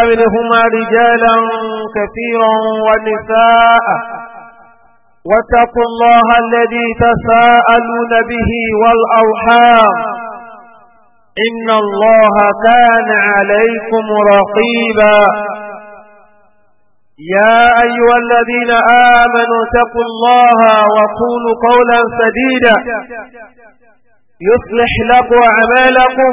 منهما رجالا كثيرا ونساء واتقوا الله الذي تساءلون به والأوحام إن الله كان عليكم رقيبا يا أيها الذين آمنوا اتقوا الله وقولوا قولا سديدا يصلح لكم أعمالكم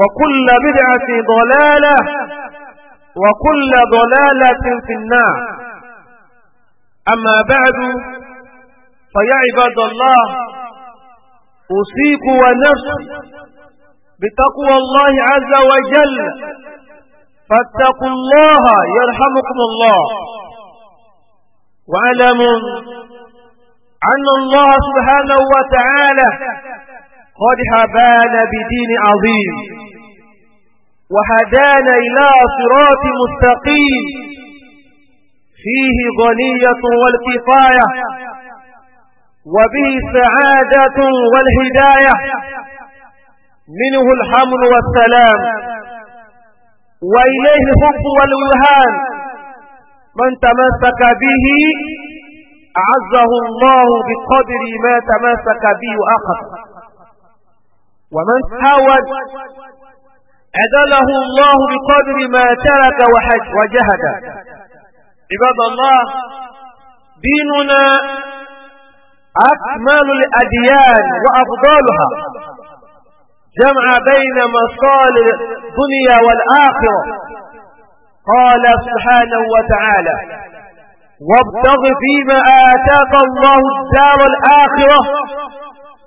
وكل بدعة ضلالة وكل ضلالة في النار أما بعد فيا عباد الله أوصيك ونفسي بتقوى الله عز وجل فاتقوا الله يرحمكم الله واعلموا أن الله سبحانه وتعالى قد هبان بدين عظيم وهدانا إلى صراط مستقيم فيه غنية والكفاية وبه سعادة والهداية منه الحمد والسلام وإليه الحب والوهان من تمسك به أعزه الله بقدر ما تمسك به أخر ومن تعود عدله الله بقدر ما ترك وحج وجهد عباد الله ديننا أكمل الأديان وأفضلها جمع بين مصال الدنيا والآخرة قال سبحانه وتعالى وابتغ فيما آتاك الله الدار الآخرة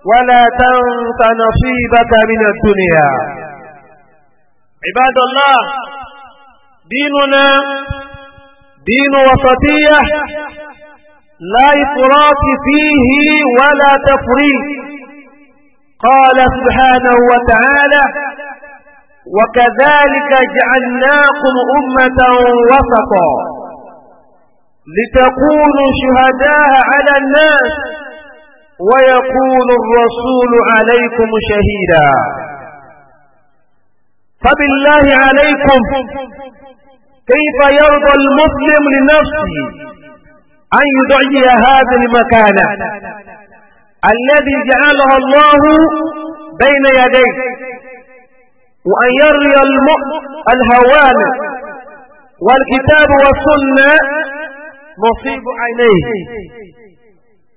ولا تنس نصيبك من الدنيا عباد الله ديننا دين وسطية لا إفراط فيه ولا تفريط قال سبحانه وتعالى وكذلك جعلناكم أمة وسطا لتكونوا شهداء على الناس ويكون الرسول عليكم شهيدا فبالله عليكم كيف يرضى المسلم لنفسه أن يدعي هذا المكان الذي جعله الله بين يديه وأن يري الهوان والكتاب والسنة نصيب عينيه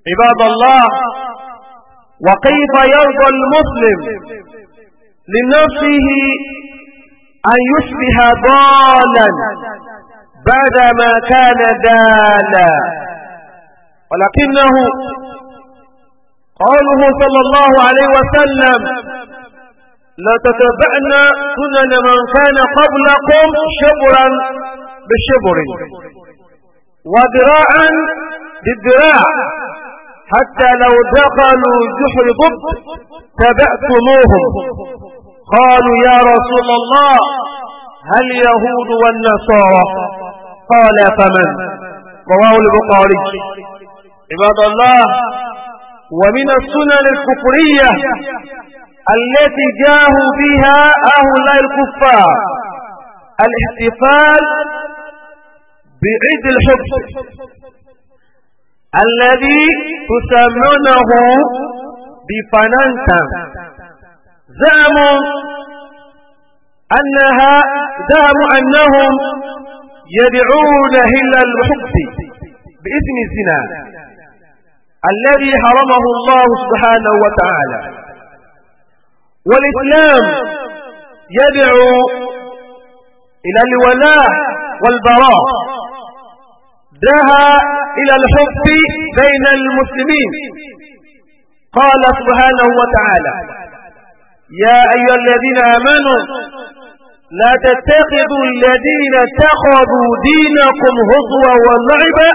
عباد الله وكيف يرضى المسلم لنفسه أن يصبح ضالا بعدما كان دالا ولكنه قوله صلى الله عليه وسلم لا تتبعن سنن من كان قبلكم شبرا بشبر وذراعا بالذراع حتى لو دخلوا جحر ضب تبعتموهم قالوا يا رسول الله هل يهود والنصارى قال فمن رواه البخاري عباد الله ومن السنن الكفرية التي جاءوا بها هؤلاء الكفار الاحتفال بعيد الحب الذي تسمونه بفنانتا زعموا أنها زعموا أنهم يدعون هلا الحب بإذن الزنا الذي حرمه الله سبحانه وتعالى والإسلام يدعو إلى الولاء والبراء دعا إلى الحب بين المسلمين قال سبحانه وتعالى يا أيها الذين آمنوا لا تتخذوا الذين اتخذوا دينكم هزوا ولعبا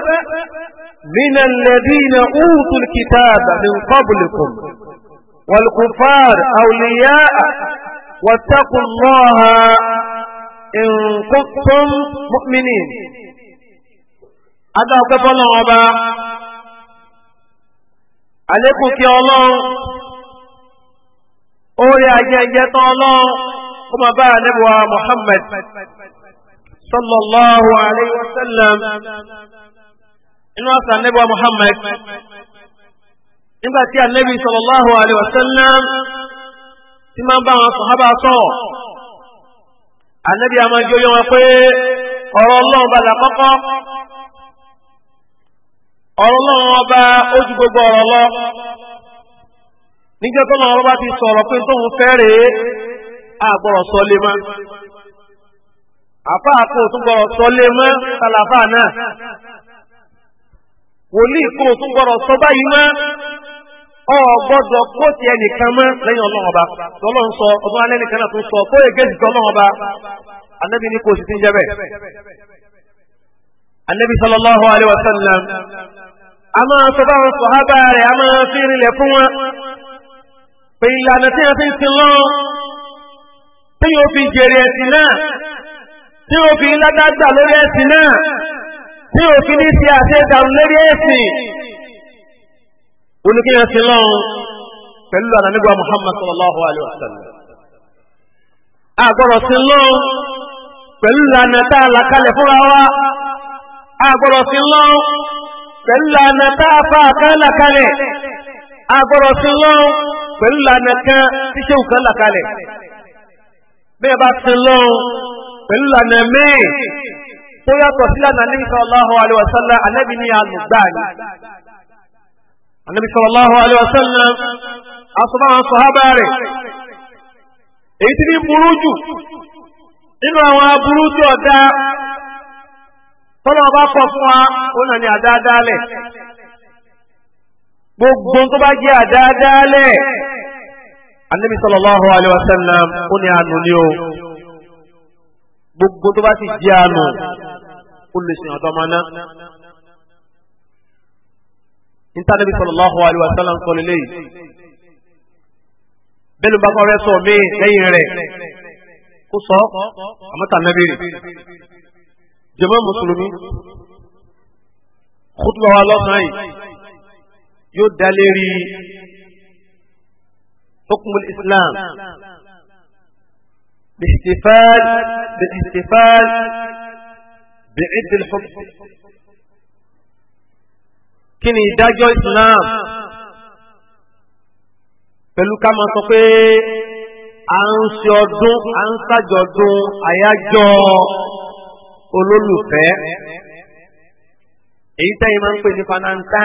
من الذين أوتوا الكتاب من قبلكم والكفار أولياء واتقوا الله إن كنتم مؤمنين أدعوك الله عليكم يا الله orí ajẹ́jẹ́ tán ọlọ́run ó máa bá àdébùwà Muhammad sallallahu alayhi wa sallam inú àṣà àdébùwà Muhammad nígbà tí sallallahu alayhi wa sallam tí máa ń bá wọn sọ̀hábà sọ̀rọ̀ ànábì àmàjọ wọn pé ọ̀rọ̀ ọlọ́run kọ́kọ́ ọ̀rọ̀ ọlọ́run ọba ó gbogbo níjẹ́ tó lọ́wọ́ bá ti sọ̀rọ̀ pé tóun fẹ́ àgbọ̀rọ̀ sọ lé mọ́ àfa àpò tún gbọ́rọ̀ sọ mọ́ tàlàfà náà wòlíì kò tún gbọ́dọ̀ sọ báyìí mọ́ ọ kó ti ẹnìkan mọ́ lẹ́yìn ọlọ́run ọba tọ́lọ́ ń sọ ọdún alẹ́ nìkan náà tún sọ kó èké sì tọ́lọ́run ọba anabi ní kò sì ti ń jẹ́ bẹ́ẹ̀. anabi a máa sọ báwọn pé ìlànà tí a fi ń sin lọ́n tí yóò fi jèrè ẹ̀sìn náà tí yóò fi lágbàgbà lórí ẹ̀sìn náà tí yóò fi ní ṣe àṣẹdàrú lórí ẹ̀sìn oníkéyàn sin lọ́n pẹ̀lú ànàmígbà Muhammad sallallahu alayhi wa sallam àgbọ̀rọ̀ sin lọ́n pẹ̀lú ìlànà tá a là kalẹ̀ fúnra wa àgbọ̀rọ̀ sin lọ́n pẹ̀lú ìlànà tá a fa àkàlà kalẹ̀ àgbọ̀rọ̀ sin lọ́n. pẹ̀lú lànà kan tí ṣéwù kan là kalẹ̀ bẹ́ẹ̀ bá sin lọ́wọ́ pẹ̀lú lànà míì tó yàtọ̀ sí lànà Ànábì sallallahu alaihi wasallam Ànábì ní alùgbàní. Ànábì sallallahu alaihi wasallam asọ́mọ́ àwọn sọ̀hábà rẹ̀ èyí buru ní burú jù nínú àwọn aburú tí ọ̀dá ọba kọ fún wa ó gbogbo tó bá jẹ́ àdáadáalẹ̀ anabi sallallahu alayhi wa sallam ó ní àánú ni o gbogbo tó bá sì jẹ́ àánú ó lè sìn ọ̀dọ́ ọmọ náà níta anabi sallallahu alayhi wa sallam sọ lélẹ́yìí bẹ́ẹ̀ ló bá kọ́ rẹ sọ mí lẹ́yìn rẹ̀ kó sọ àmọ́ta anabi rẹ̀ jàmá mùsùlùmí kútu wa lọ́sàn-án yìí yóò dá lérí hukumul islam bihtifal bihtifal bi'idil hukm kí ni ìdájọ́ islam pẹ̀lú ká máa sọ pé à ń ṣe ọdún à ń ṣàjọdún àyájọ́ olólùfẹ́ èyí tẹ́yìn máa ń pè ní fananta.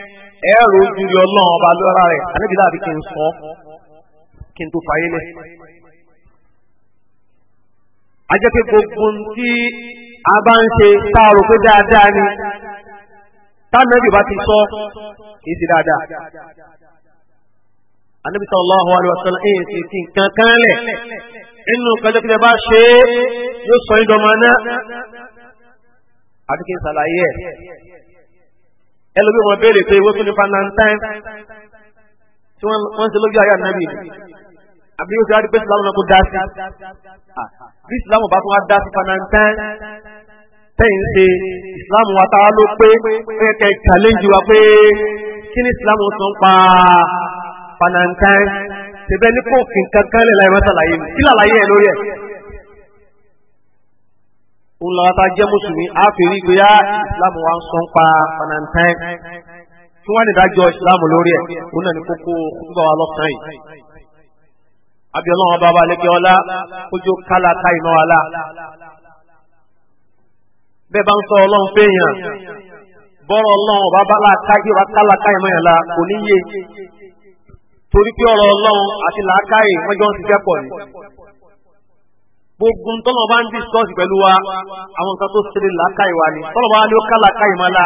ẹ rojú rí ọlọ́run ọba lọ́ra rẹ̀ àníbi láàbí kí n sọ kí n tó fàyè lẹ̀. a jẹ́ pé gbogbo tí a bá ń ṣe tá a rò pé dáadáa ni tánàbì bá ti sọ kì í ṣe dáadáa. àníbi sallallahu alaihi wasallam èyí ti fi nǹkan kan lẹ̀ inú kọjọ́kílẹ̀ bá ṣe é yóò sọ ìdọ̀mọ náà àti kí n ṣàlàyé ẹ̀ ẹlòmíì wọn béèrè pé wọ́n tún ní fanantain tí wọ́n ń ṣe lójú ayé ànábì àbí yóò ṣe wá pé Islam náà kó dá sí bí Islam bá tún wá dá sí fanantain tẹ́yìn ṣe Islam wa ta ló pé kẹ́kẹ́ challenge wa pé kí ni Islam sọ ń pa fanantain ṣe bẹ́ẹ̀ ní kò fi kankan lè láyé wọ́n ṣàlàyé kí làlàyé ẹ̀ lórí ẹ̀ òun làwọn tá a jẹ́ mùsùlùmí á fi rí pé á ìsìlámù wa ń sọ ń pa panantẹ́ kí wọ́n lè dájọ́ ìsìlámù lórí ẹ̀ òun náà ní kókó kúkúbà wa lọ́sàn-án yìí. abiola wọn bàbá alẹ́kẹ́ ọlá kójú kálá ká iná bẹ́ẹ̀ bá ń sọ ọlọ́run fẹ́yàn bọ́rọ̀ ọlọ́run bàbá aláàkáyé wa kálá ká yẹn la kò ní yé torí pé ọ̀rọ̀ ọlọ́run àti làákàyè wọ́n jọ ń ṣiṣẹ́ pọ̀ gbogbo tọ́lọ̀ bá ń discourse pẹ̀lú wa àwọn nǹkan tó ṣe làákà ìwà ni tọ́lọ̀ bá ní ó ká làákà ìmọ̀lá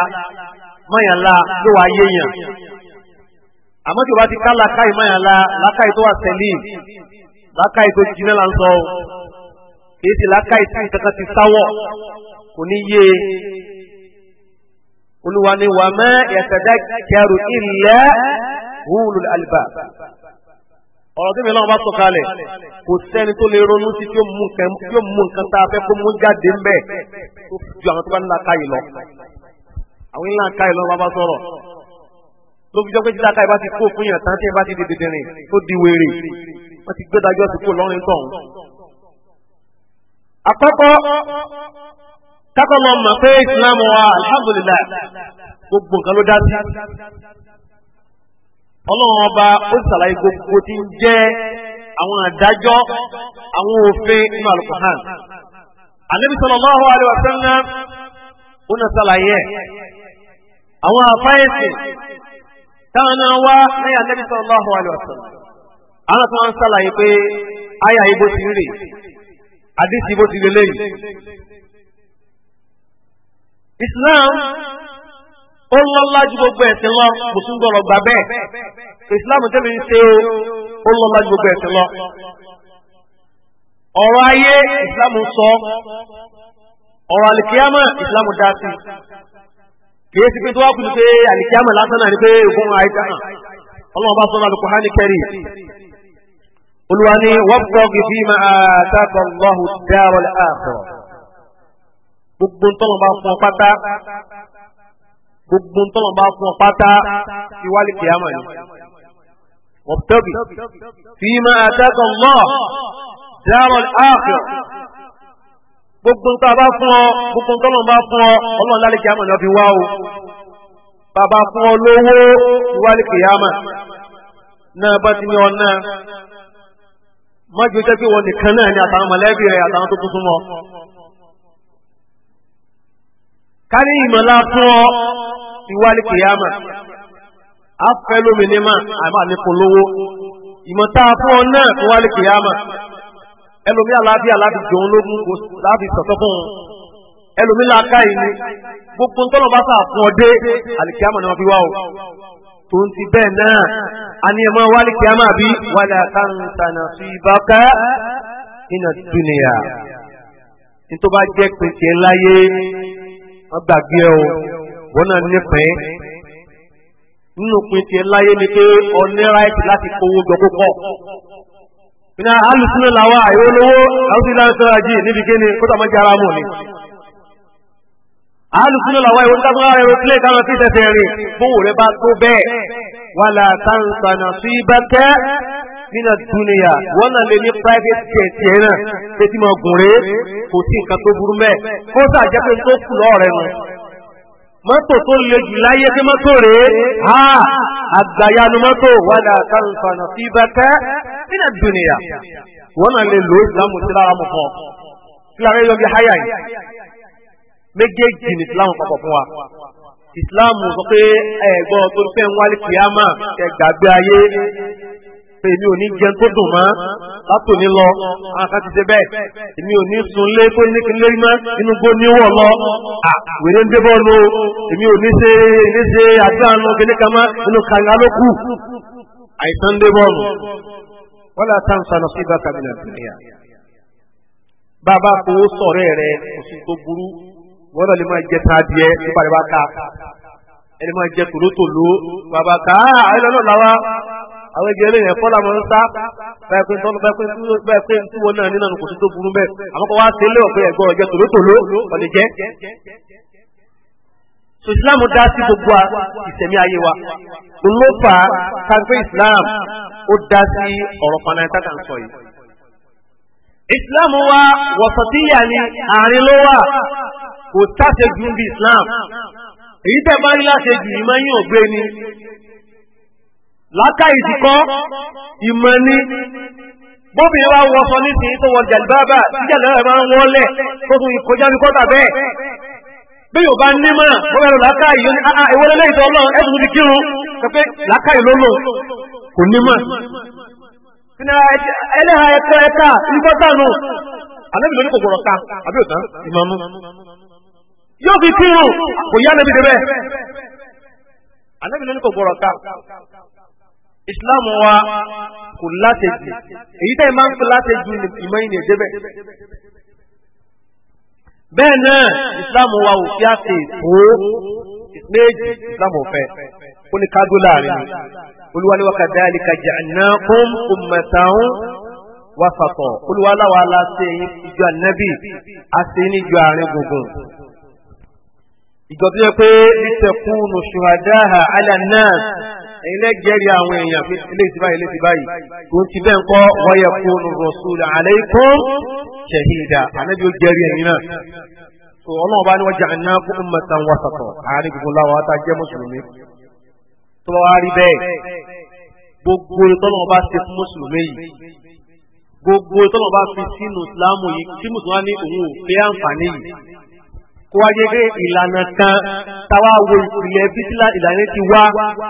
mọ̀yànlá ló wà yé yàn àmọ́ tí o bá ti ká làákà ìmọ̀yànlá làákà ìtò wà tẹ̀lé làákà ìtò jìnnà là ń sọ o kì í ti làákà ìtò kankan ti sáwọ̀ kò ní yé e. olùwà ni wàmẹ́ yatadakkaru illa hulul albab ọ̀rọ̀ tí mìíràn bá sọ̀kalẹ̀ kò sẹ́ni tó lè ronú sí tí ó mú nǹkan tá a fẹ́ kó mú jáde ń bẹ̀ tó ju àwọn tó bá nílá káyì lọ. àwọn nílá káyì lọ bá bá sọ̀rọ̀ ló fi jọ pé títà káyì bá ti kó fún yàn tán tí ẹ bá ti di dìdìrín tó di wèrè wọ́n ti gbé dájọ́ ti kó lọ́rin tọ̀hún. àkọ́kọ́ kákọ́ lọ mọ̀ pé ìsìlámù wa alhamdulillah gbogbo nǹkan ló dá sí. ọlọ́run ọba ó ṣàlàyé gbogbo tí ń jẹ́ àwọn àdájọ́ àwọn òfin nínú alukuhan ó na ṣàlàyé àwọn àfáyèsì táwọn náà wá ní anabi sallallahu alaihi wasallam àwọn tó ń ṣàlàyé pé àyà ibo ti ti islam. ó lọ́lá ju gbogbo ẹ̀sìn lọ kò tún gbọ́dọ̀ gbà bẹ́ẹ̀ ìsìláàmù tẹ́lẹ̀ ń ṣe ó gbogbo ẹ̀sìn ayé ìsìláàmù sọ ọ̀rọ̀ àlìkíyàmọ̀ ìsìláàmù dá sí kìí sí pé tó wá kùn pé àlìkíyàmọ̀ lásán náà ni pé ògùn àìsàn hàn bá sọ hàn ní kẹrì olùwà ni wọ́n bọ́ gbogbo bá fún gbogbo ntọ́nà bá fún ọ pátá ìwálé kìámà ni. wọ́pẹ́bì fíìmà àtẹ́kọ̀ọ́ mọ́ dárò áàfẹ́ gbogbo ntọ́ bá fún ọ gbogbo ntọ́nà bá fún ọ ọlọ́run lálẹ́ kìámà ni wọ́n fi wá o. bàbá fún ọ lówó ìwálé kìámà náà bá ti ní ọ náà mọ́jú jẹ́ pé wọ́n nìkan náà ni àtàwọn mọ̀lẹ́bí rẹ̀ àtàwọn tó tuntun mọ́. Karị ìmọ̀lá fún ọ kìyàmà fún ọ náà tó kìyàmà ẹlòmí alábí alábí jọun lógún kò lábí fún ẹlòmí làákà yìí ni gbogbo ntọ́nà bá sà fún ọ dé àlìkìyàmà ni fi wá o tó ti bẹ́ẹ̀ náà a ní kìyàmà bí agbàgbé ẹ o wọn náà nípìn nínú pin tiẹ̀ ni pé ọní ráìtì láti kówó jọ púpọ̀ nínú alùsùn làwọn àìwọlówó àwọn ti láti níbi mọ ni. alùsùn lọ́wọ́ ìwọ́n tó bá rẹ̀ plé káwọn fi tẹ̀sẹ̀ rìn fún òun rẹ̀ bá tó bẹ́ẹ̀ wà látàǹsànà sí ibẹ́kẹ́ nínú dúnìyà wọ́n náà lè ní private jet yẹn náà tètè mọ̀ gùn rẹ̀ kò sí nǹkan tó burú mẹ́ kó sàjẹ́ pé tó kù lọ́ọ̀ rẹ̀ nù. mọ́tò tó le jù láyé pé mọ́tò rẹ̀ á àgbàyanu mọ́tò wà látàǹsànà sí ibẹ́kẹ́ nínú dúnìyà wọ́n náà lè lò ó ìsìlámù sí lára mọ̀ méjèèjì ní islam papọ̀ fún wa islam sọ pé ẹ̀gbọ́n tó ń fẹ́ ń wálé kìámà ẹ gbàgbé ayé pé èmi ò ní jẹun tó dùn mọ́ látòní lọ àwọn kan ti ṣe bẹ́ẹ̀ èmi ò ní sun lé tó ní kílé mọ́ inú gbó ní wọ̀ lọ wèrè ń débọ̀ lọ èmi ò ní ṣe ní ṣe àdúrànù kìnìkan mọ́ inú kàńgá ló kù àìsàn débọ̀ lọ. wọ́n lè tán sanà sí ibà kàmínà dùnìyà bàbá kò sọ̀rọ̀ rẹ̀ kò sí tó burú wọ́n lè máa jẹ tàbíẹ́ nípa rẹ̀ bá ká ẹni máa jẹ tòlótòló bàbá ká ayélujára làwa àwọn ẹgbẹ́ eléyìí ẹ̀fọ́ làwọn ń sá báyìí pé tọ́lú báyìí pé ń túwọ́ náà nínú àná kò sí tó burú bẹ́ẹ̀ àmọ́ kó wá sí ilé ọ̀pẹ ẹ̀gbọ́n ọ̀jẹ̀ tòlótòló ọ̀lẹ̀ jẹ́. so Islam dá sí gbogbo ìsẹ̀mí ayé wa ló fà á káńpé Islam ó dá sí ọ̀rọ̀ panáyátá kan sọ yìí. Islam wa wọ̀sọ̀tíyà ni àárín ló wà kò táṣejù ń bí Islam èyí tẹ bá rí láṣejù yìí ni lákàyè ti ìmọ̀ ni bóbìnrin wa wọ sọ nísìnyí tó wọ jàlbábà tí jàlbábà máa ń wọlé tó tún ìkọjá ní bẹ́ẹ̀ yóò bá ní mọ́ra wọ́n bẹ̀rù ní ìwọlé lẹ́yìn tó ẹ̀sùn ti kírun kò ní mọ́. ẹlẹ́hàá ẹ̀ka alẹ́ mi yóò fi kírun kò yá níbi débẹ̀ anábìlẹ̀ ní kò gbọ́rọ̀ ká islam wa kò látẹ̀jù èyí tẹ́ máa ń pè látẹ̀jù ìmọ̀ ìnìyàn débẹ̀ bẹ́ẹ̀ náà islam wa ò fi àṣẹ ètò méjì islam ọ̀fẹ́ ó ní kágó láàrin olúwaníwá kadhalika ja'alnakum ummatan wasatan olúwaláwa aláṣẹ ìjọ ànábì àṣẹ níjọ àárín gbùngbùn ìjọ tó yẹ pé lítẹkùnù ṣùhàdáhà alànà ẹlẹgẹrì àwọn èèyàn iléeṣẹ́ báyìí iléeṣẹ́ báyìí tó ti bẹ́ẹ̀ ń kọ́ wáyà kùnù rọ̀ṣùlù alaykum ṣẹ̀hídà ànábi ó gẹ̀rí ẹ̀yìn náà. tó ọlọ́run bá ní wọ́n jà ná fún ummatan wasatan àárín gbogbo láwọn ata jẹ́ mùsùlùmí. tó bá rí bẹ́ẹ̀ gbogbo tọ́lọ́run bá ṣe fún mùsùlùmí yìí gbogbo tọ́lọ́run bá fi sínú ìsìlámù yìí kí mùsùlùmí ó wá yẹ pé ìlànà kan táwa wo ìpìlẹ̀ bísílà ìlànà ti wá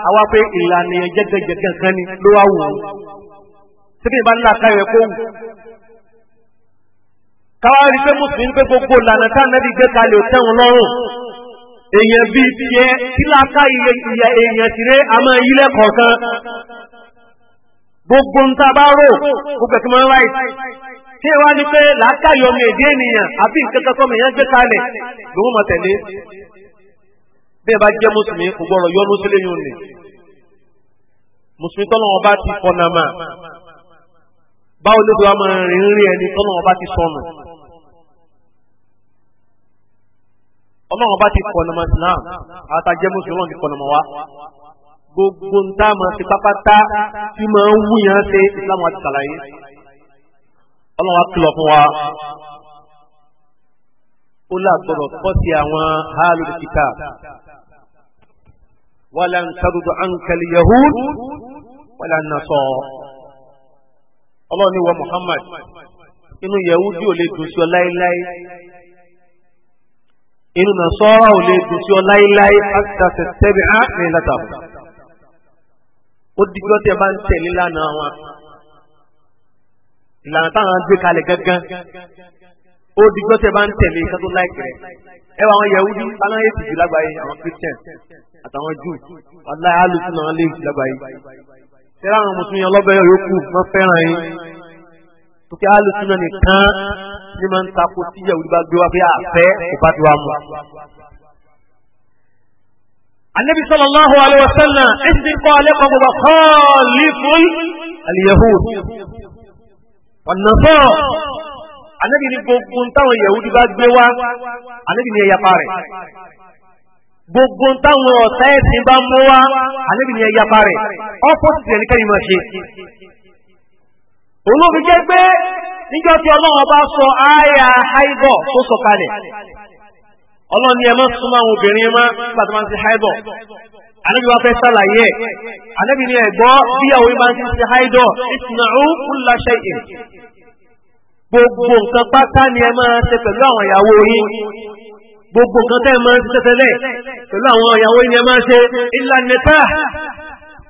àwa pé ìlànà yẹn jẹ́gẹ́jẹ́gẹ́ kan ni ló wá wù ú. sẹ́kìnì bá nílà ká yẹ kó wù. káwá rí pé mùsùlùmí pé gbogbo ìlànà tá nàbí gbé kalẹ̀ ò tẹ́wọn lọ́rùn. èèyàn bíi tiẹ̀ kíláàká iye èèyàn tìrẹ àmọ́ ilé kọ̀ọ̀kan. gbogbo ń tá bá rò gbogbo ẹ̀kí mọ́ tí ẹ wá ní pé làákàyè ọmọ èdè ènìyàn àbí nǹkan kan sọmọ èèyàn gbé kalẹ̀ lòun máa tẹ̀lé bí ẹ bá jẹ́ mùsùlùmí kò gbọ́dọ̀ yọ lóṣù lẹ́yìn òní mùsùlùmí tọ́lọ́ wọn bá ti fọnà mà báwo ló dùn àmọ́ rìn rí ẹni tọ́lọ́ wọn bá ti sọnù ọlọ́run bá ti fọnà Islam àtàjẹ́ mùsùlùmí wọn ti fọnà mà gbogbo ń tá a máa tí máa ń wúyàn ṣe Islam àti sàlàyé. ọlọ́run akìlọ̀ fún wa ó lágbọ́dọ̀ kọ́ sí àwọn hálùlù kìtà wàlá ń tàdúdú ànkàlì yahoo wàlá ń nasọ ọlọ́run ní wa muhammad inú yahoo ò lè dùn sí ọ láéláé inú nasọ́ra ò lè dùn sí ọ láéláé àtàtà tẹ́bi á ní látàkùn ó dìgbọ́ tẹ́ bá ń ìlànà táwọn gbé kalẹ̀ gángan ó di gbọ́tẹ̀ bá ń tẹ̀lé nǹkan tó láìpẹ́ rẹ̀ ẹ wà àwọn yahudi aláwọn èsì jù lágbàáyé àwọn christian àtàwọn jù aláì alùpùpù náà lè jù lágbàáyé tẹ́lá àwọn mùsùlùmí ọlọ́bẹ̀ yòókù wọ́n fẹ́ràn yín tókè alùpùpù náà nìkan ní máa ń takò tí yahudi bá gbé wá pé àfẹ́ kò bá ti wá mu. النبي صلى الله عليه وسلم عند قال لكم خالف اليهود ọ̀nà sọ̀rọ̀ anabi ni gbogbo táwọn yahudi bá gbé wá anabi ni ẹ̀yapa gbogbo táwọn ọ̀tá ẹ̀sìn bá mú wá anabi ni ẹ̀yapa rẹ̀ ọ́pọ̀sìtì ẹ̀ nìkan ni wọ́n ṣe. òun jẹ́ pé níjọ́ tí ọlọ́run sọ àyà haibọ̀ tó sọ kalẹ̀ ọlọ́run ni ẹ má súnmọ́ àwọn obìnrin má anabi wa fẹ́ sàlàyé ẹ̀ anabi ni ẹ̀gbọ́ bíyàwó yìí máa ń ti haidọ̀ ìsìnàrú ńlá ṣẹ́yìn gbogbo nǹkan pátá ni ẹ máa ṣe pẹ̀lú àwọn ìyàwó yín gbogbo nǹkan tẹ́ ẹ máa ṣe tẹ́lẹ̀ pẹ̀lú àwọn ìyàwó yín ni ẹ máa ṣe ìlànìta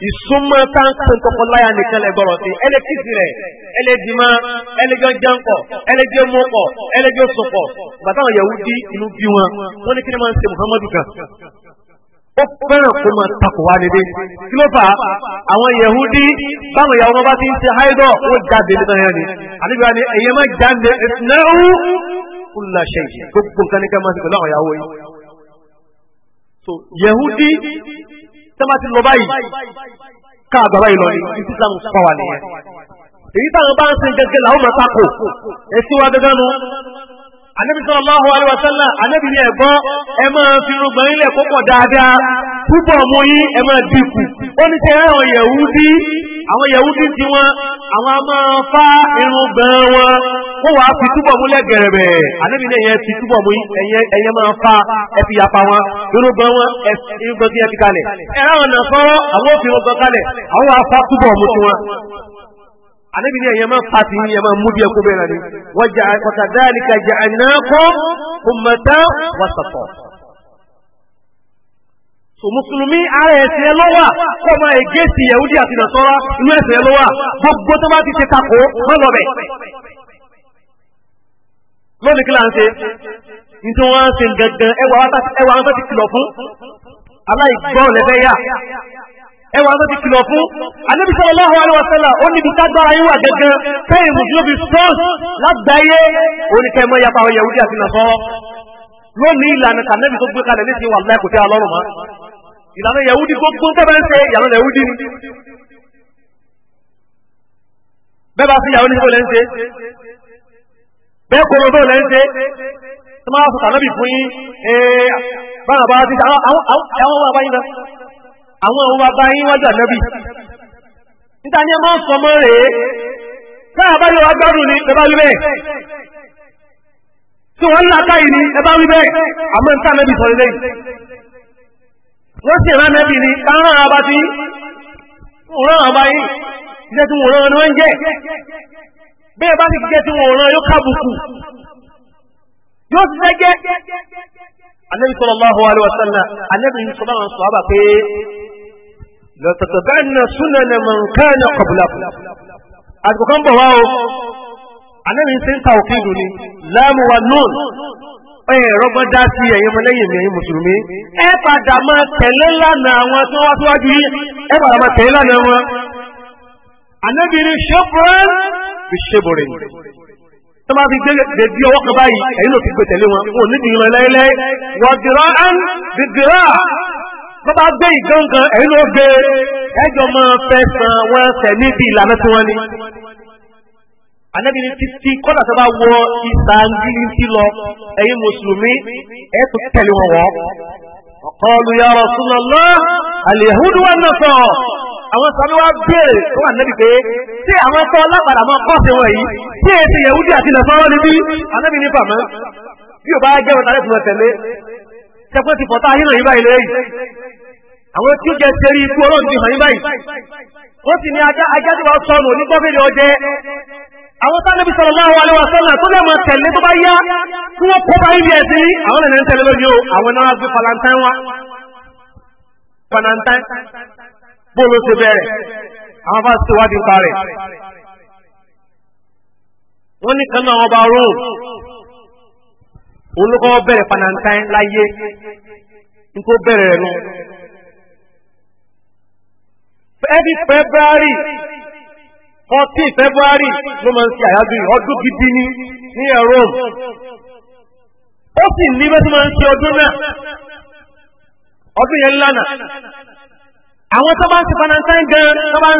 ìsúnmọ́ táǹkàn tọkọláyà nìkan lẹ gbọ́rọ̀ sí ẹlẹ́kìsì rẹ̀ ẹlẹ́dìmọ́ ẹlẹ́jọ́jọ́ǹkọ̀ ẹlẹ́jọ́mọ́kọ̀ ẹlẹ́jọ́sọ̀kọ̀ bàtà àwọn ìyàwó dí inú bí wọn wọ́n ní kí ni máa ń ṣe Muhammadu kan ó fẹ́ràn kó máa takò wá dédé kí ló fà á àwọn yẹ̀húdí báwọn ìyàwó wọn bá ti ń ṣe háídọ̀ ó jáde nínú ẹ̀yàn ni àdébíyà ni èyí máa jáde ìtìnáwó kúláṣẹ gbogbo nǹkan ní ká máa ṣe pẹ̀lú àwọn ìyàwó yìí. so yẹ̀húdí tí wọ́n ti lọ báyìí ká àgbàbá yìí lọ ní ní sísan pàwà nìyẹn èyí táwọn bá ń ṣe gẹ́gẹ́ làwọn máa takò ẹ̀sìn wa gẹ́gẹ́ nu anabi sallallahu alaihi wasallam anabi ni ẹgbọn ẹ máa fi rúgbọn ilẹ̀ púpọ̀ dáadáa púpọ̀ mú yín ẹ máa dínkù ó ní tẹ àwọn yẹwúdí àwọn yẹwúdí tí wọn àwọn a máa fá irun gbọn wọn ó wàá fi túbọ̀ múlẹ̀ gẹ̀rẹ̀bẹ̀ anabi ni ẹ̀yẹ fi túbọ̀ mú ẹ̀yẹ ẹ̀yẹ máa fá ẹ fi yapa wọn irun wọn ẹ irun gbọn tí fi kalẹ̀ ẹ àwọn àwọn òfin irun gbọn kalẹ̀ àwọn wàá fá túbọ̀ mú tiwọn alebi ni ẹ̀yẹ́mọ́ pàtì yìí ẹ̀mọ́ múdí ẹkú bẹ́ẹ̀ náà ni wọ́n jẹ́ àkọ́tàdáàlìkà jẹ́ ànákọ́ ummatan wasata. so mùsùlùmí ara ẹ̀sìn ẹ lọ́wà kọ́ máa ègé sí yahudi àti nàṣọ́ra inú ẹ̀sìn ẹ lọ́wà gbogbo tó bá ti ṣe kakó wọ́n lọ bẹ̀. lónìí kí là ń ṣe nítorí wọ́n ń ṣe gangan ẹwà wọn ti kìlọ̀ fún aláìgbọ́ lẹ́fẹ́ yà ẹwà ló ti kìlọ̀ fún Ànábì sallallahu alaihi wasallam ó níbi tágbára yín wà gẹ́gẹ́ fẹ́yìn mùsùlùmí stone lágbàáyé oníkẹ́ mọ́ yapa àwọn Yahudi àti Nasara lónìí ìlànà tànẹ́bì tó gbé kalẹ̀ ní ti wà láì kò tẹ́ alọ́rùn mọ́ ìlànà Yahudi gbogbo tẹ́bẹ̀ ń ṣe ìyànà Yahudi ni bẹ́ẹ̀ bá sí ìyàwó nígbò lẹ́ ń ṣe bẹ́ẹ̀ kò lọ́dọ̀ lẹ́ ń ṣe tí wọ́n á sọ tànẹ́bì fún yín báwọn bá ti àwọn àwọn àwọn bá yín náà àwọn òun bàbá yín wájú ànábì níta ni ẹ máa ń sọ mọ́ rèé káà bá yóò wá gbádùn ni ẹ bá wí bẹ́ẹ̀ tí wọ́n ń lata yìí ni ẹ bá wí bẹ́ẹ̀ àmọ́ níta ànábì sọ lélẹ́yìn wọ́n sì rán ànábì ni ká ń rán àbá tí wọ́n rán àbá yín iṣẹ́ tí wọ́n rán ni wọ́n ń jẹ́ bẹ́ẹ̀ bá sì jẹ́ tí wọ́n yóò kábùkù yóò ti fẹ́ jẹ́. Ànábì lọ́tọ̀tọ̀bẹ́ẹ̀nà súnẹ̀nà mọ̀nkánà kọ̀bùlàkù àtìkọ̀kan bọ̀ wá o alẹ́mi ṣe ń ta òfin ìlú ni láàmù wa nùn ẹ̀yìn rọ́gbọ́n dá sí ẹ̀yìn ọmọlẹ́yìn ẹ̀yìn mùsùlùmí ẹ padà máa tẹ̀lé lánà àwọn tó wá síwájú yìí ẹ padà máa tẹ̀lé lánà wọn. anábìrin ṣọ́bùrẹ́ fi ṣẹ́bùrẹ́ tó bá fi gbé bí ọwọ́ kan báyìí ẹ̀yìn ló fi gbé tẹ̀lé wọn wọn ò ní bàbá gbé ìgbọ̀ngàn ẹ̀yìn ló gbé ẹjọ́ máa fẹ́ san wọ́n ṣẹ̀ níbi ìlànà tí wọ́n ní. Ànábì ní títí kọ́dà tó bá wọ ìsàǹdí ti lọ ẹ̀yin mùsùlùmí ẹ̀ tó tẹ̀lé wọn wọ́. Qalu ya Rasulullah al-yahudu wan-nasara àwọn sàmì wá béèrè tó wà nẹ́bí pé tí àwọn ọkọ̀ lápàdà máa kọ́ sí wọn yìí tí èyí ti yẹ̀wúdí àti ilẹ̀ tẹ́pẹ́ ti fọ̀tá ayé náà yín báyìí lẹ́yìn àwọn tí ó jẹ sẹ́rí ikú ọlọ́run ti hàn yín báyìí ó sì ní ajá tí wọ́n sọnù ní gbọ́bẹ̀rẹ̀ ọjẹ́ àwọn tá níbi sọ̀rọ̀ náà wà lọ́wọ́ sọ́nà tó lè mọ̀ tẹ̀lé tó bá yá kí wọ́n kó bá ibi ẹ̀sìn àwọn ènìyàn tẹ̀lé lónìí o àwọn náà gbé falantain wa falantain bóòlù ti bẹ̀rẹ̀ àwọn bá ti wádìí parẹ̀ wọ́n ní kan náà wọ́n bá òun ló kọ́ bẹ̀rẹ̀ panantain láyé nítorí ó bẹ̀rẹ̀ rẹ̀ nù. every February fourteen February ló gidi ní ní Rome ó si ní bẹ́ẹ̀ tó máa ń ṣe ọdún àwọn tó bá ń gan tó bá ń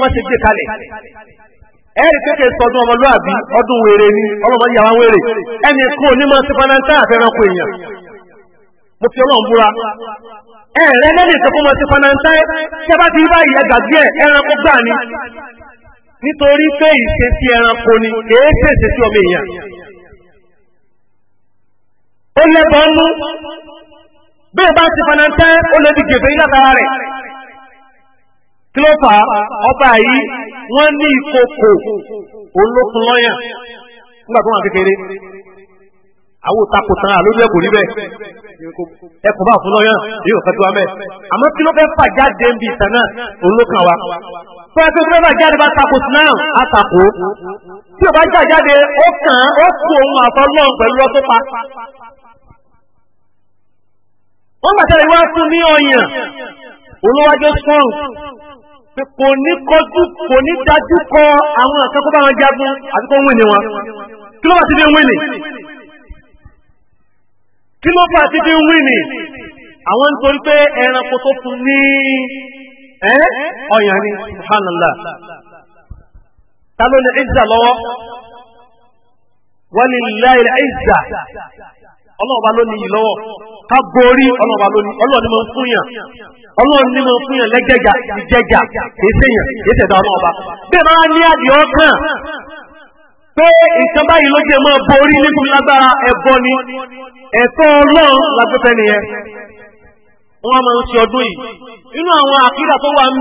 wọn ẹ̀rí kéèké sọdún ọmọlúwàbí ọdún wèrè ni ọlọ́mọ yàrá wèrè ẹni kó onímọ̀ sí fanata àfẹ́ranko èèyàn mo fi ọlọ́run búra ẹ̀rẹ́ lẹ́yìn tó kó mọ̀ sí fanata ṣe bá ti ịba báyìí ẹgbàgbé ẹranko gbà ni nítorí pé ìṣesí ẹranko ni kèé ṣèṣe sí ọmọ èèyàn ó lẹ́bọ̀ọ́ mú bí o bá sí ó lè di rẹ̀ kí wọ́n ní ìkòkò olókun lọ́yàn nígbà tó wà kékeré àwọn òtakò tán àlójú ẹ̀kọ́ níbẹ̀ ẹkùn bá fún lọ́yàn yóò fẹ́ tó wá mẹ́ àmọ́ kí ló fẹ́ fà jáde ń bi ìtàn náà olókun wa fẹ́ẹ́ tó fẹ́ fà jáde bá takò sí náà àtakò tí o bá jà jáde ó kàn án ó kú òun àtọ́lọ́ọ̀ pẹ̀lú lọ́tọ́ pa wọ́n gbàtẹ́lẹ̀ wá fún ní ọ̀yàn olówájọ́ strong kò ní kọjú kò ní dájú kọ àwọn àkẹ́kọ̀ọ́ bá wọn jagun àti kọ́ wíìnì wọn kí ló bá ti fi wíìnì kí ló bá ti fi wíìnì àwọn nítorí pé ẹranko tó fún ní ọ̀yàn ni subhanallah ta ló ní ìjà lọ́wọ́ walillahi ìjà ọlọ́ọ̀ba ló ní yìí ka ká gorí ọlọ́ọ̀ba ló ní ọlọ́ọ̀ni mọ̀ fún yàn lẹ́gẹ̀gà ìjẹ̀gà kìí sèyàn kìí sẹ̀dá ọlọ́ọ̀ba bẹ́ẹ̀ ní pé báyìí ló ni ẹ̀tọ́ ọlọ́run lágbẹ́fẹ́ nìyẹn wọ́n máa ń ṣe ọdún yìí inú àwọn àkídà tó wà wọ́n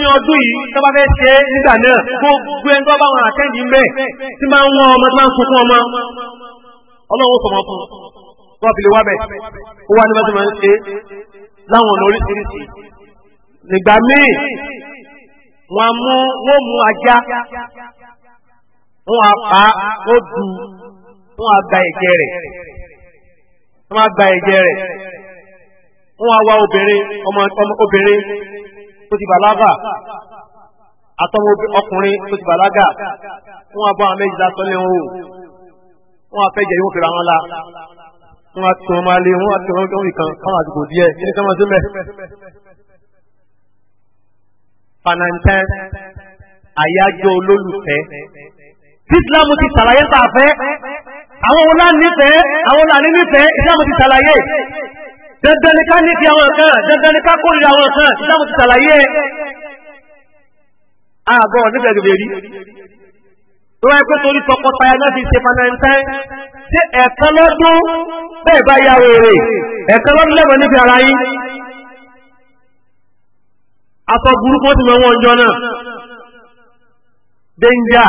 ní ọdún yìí tó bá fẹ́ ṣe nígbà náà gbogbo ẹni tó bá wọn tí máa ọlọ́run sọmọ fún wọn fi lè wá bẹ̀ ó wá ní bá ti máa ń ṣe láwọn ọ̀nà oríṣiríṣi nígbà míì wọn mú wọn mú ajá wọn apá ó du wọn agba ẹ̀jẹ̀ rẹ̀ wọn agba ẹ̀jẹ̀ rẹ̀ wọn awa obìnrin ọmọ obìnrin tó ti bàlágà àtọmọ ọkùnrin tó ti bàlágà wọn abọ àwọn méjìlá sọlẹ wọn o wọn afẹ́ jẹ yóò fira wọn la wọn atún ọmọ alẹ wọn atún ọmọ ìkan kan wọn àdìgbò díẹ̀ kí ni ká máa ṣe mẹ. fanantan àyájọ́ olólùfẹ́ ti ṣàlàyé tá a fẹ́ àwọn ọlá nífẹ̀ẹ́ àwọn ọlá nífẹ̀ẹ́ ìsìlámù ti ṣàlàyé dandan ni ká nífẹ̀ẹ́ àwọn kan dandan ni ká kórìíra àwọn kan ìsìlámù ti ṣàlàyé àgọ́ nífẹ̀ẹ́ gbèrè tó wáyé pé torí tọkọtaya náà fi ṣe fanantain ṣé ẹ̀kan lọ́dún bẹ́ẹ̀ bá ya wèrè ẹ̀kan lọ́dún lẹ́mọ̀ níbi ara yín aṣọ burúkú ti mọ wọn jọ náà dénjà